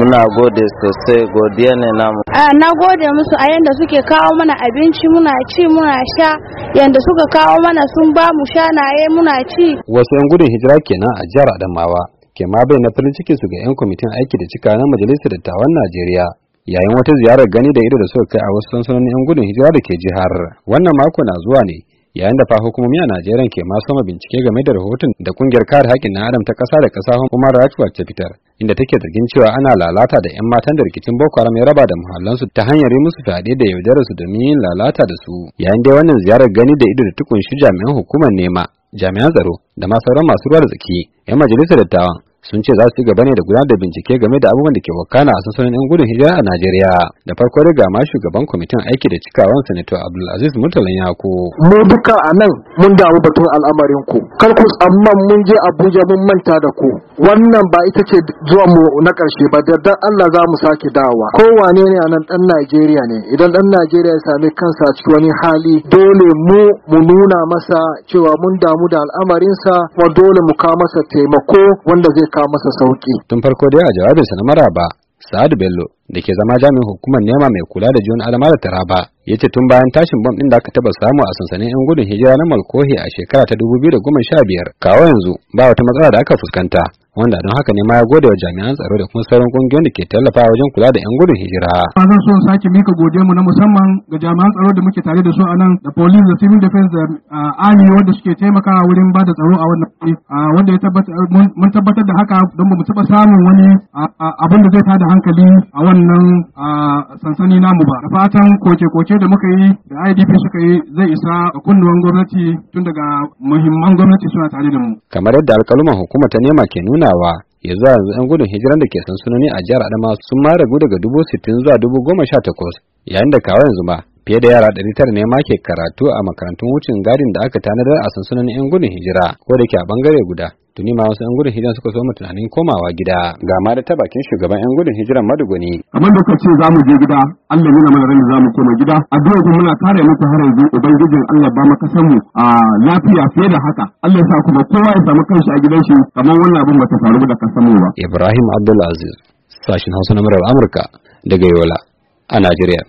Muna gode sosai godiya ne namu. Na gode musu a yadda suke kawo mana abinci muna ci muna sha yadda suka kawo mana sun ba mu shanaye muna ci. Wasu 'yan gudun hijira kenan a jihar Adamawa ke ma na farin ciki su ga 'yan kwamitin aiki da cika na majalisar dattawan Najeriya. Yayin wata ziyarar gani da ido da suka kai a wasu sansanonin 'yan gudun hijira da ke jihar. Wannan mako na zuwa ne yayin da fa hukumomi a Najeriya ke ma sama bincike game da rahoton da kungiyar kare haƙƙin na adam ta ƙasa da ƙasa Human Rights ta fitar inda take zargin cewa ana lalata da 'yan matan da rikicin Boko Haram ya raba da muhallansu ta hanyar yi musu fyaɗe da yaudarar su domin yin lalata da su yayin dai wannan ziyarar gani da ido da tukun shi jami'an hukumar nema jami'an tsaro da ma sauran masu ruwa da tsaki 'yan majalisar dattawan sun ce za su gaba ne da gudanar da bincike game da abubuwan da ke wakana a sassanin yan gudun hijira a Najeriya da farko riga ma shugaban kwamitin aiki da cikawan sanato Abdulaziz ya Yako mu duka a nan mun damu batun al'amarin ku karku amma mun je Abuja mun manta da ku wannan ba ita ce zuwan mu na karshe ba da Allah za mu sake dawowa wane ne anan dan Najeriya ne idan dan Najeriya ya sami kansa a cikin wani hali dole mu mu nuna masa cewa mun damu da al'amarinsa kuma dole mu kawo masa taimako wanda zai kawo masa sauki tun farko dai a jawabinsa na maraba Sa'ad Bello da ke zama jami'in hukumar nema mai kula da jiyon da Taraba ya ce tun bayan tashin bom ɗin da aka taba samu a sansanin 'yan gudun hijira na malkohi a shekara ta 2015 kawo yanzu ba wata matsala da aka fuskanta wanda don haka ne ma ya gode wa jami'an tsaro da kuma sauran kungiyoyin da ke tallafa wajen kula da 'yan gudun hijira. Ba Zan so sake mika gode mu na musamman ga jami'an tsaro da muke tare da su a nan da police da civil defense da army wanda suke taimakawa wurin ba da tsaro a wannan wanda ya tabbatar mun tabbatar da haka don mu taba samun wani abin da zai tada hankali a wannan sansani namu ba. Da fatan koke-koke da muka yi da IDP suka yi zai isa a kunnuwan gwamnati tun daga muhimman gwamnati suna tare da mu. Kamar yadda alkaluman hukuma ta nema ke nuna tunawa ya yanzu 'yan gudun hijiran da ke sansunoni a jihar adama sun ma ragu daga dubu sittin zuwa dubu goma sha takwas yayin da kawo yanzu ba. fiye da yara ɗari tara ne ma ke karatu a makarantun wucin gadin da aka tanadar a sansanin 'yan gudun hijira ko da ke a bangare guda tuni ma wasu 'yan gudun hijira suka so tunanin komawa gida ga ma da ta bakin shugaban 'yan gudun hijira maduguni kamar da kace za mu je gida Allah ya mana ran za mu koma gida addu'a kuma muna kare muku har yanzu ubangijin Allah ba maka san mu a lafiya fiye da haka Allah ya sa kuma kowa ya samu kanshi a gidan shi kamar wannan abin ba ta faru da ka samu ba Ibrahim Abdul Aziz sashin Hausa na Amurka daga Yola a Najeriya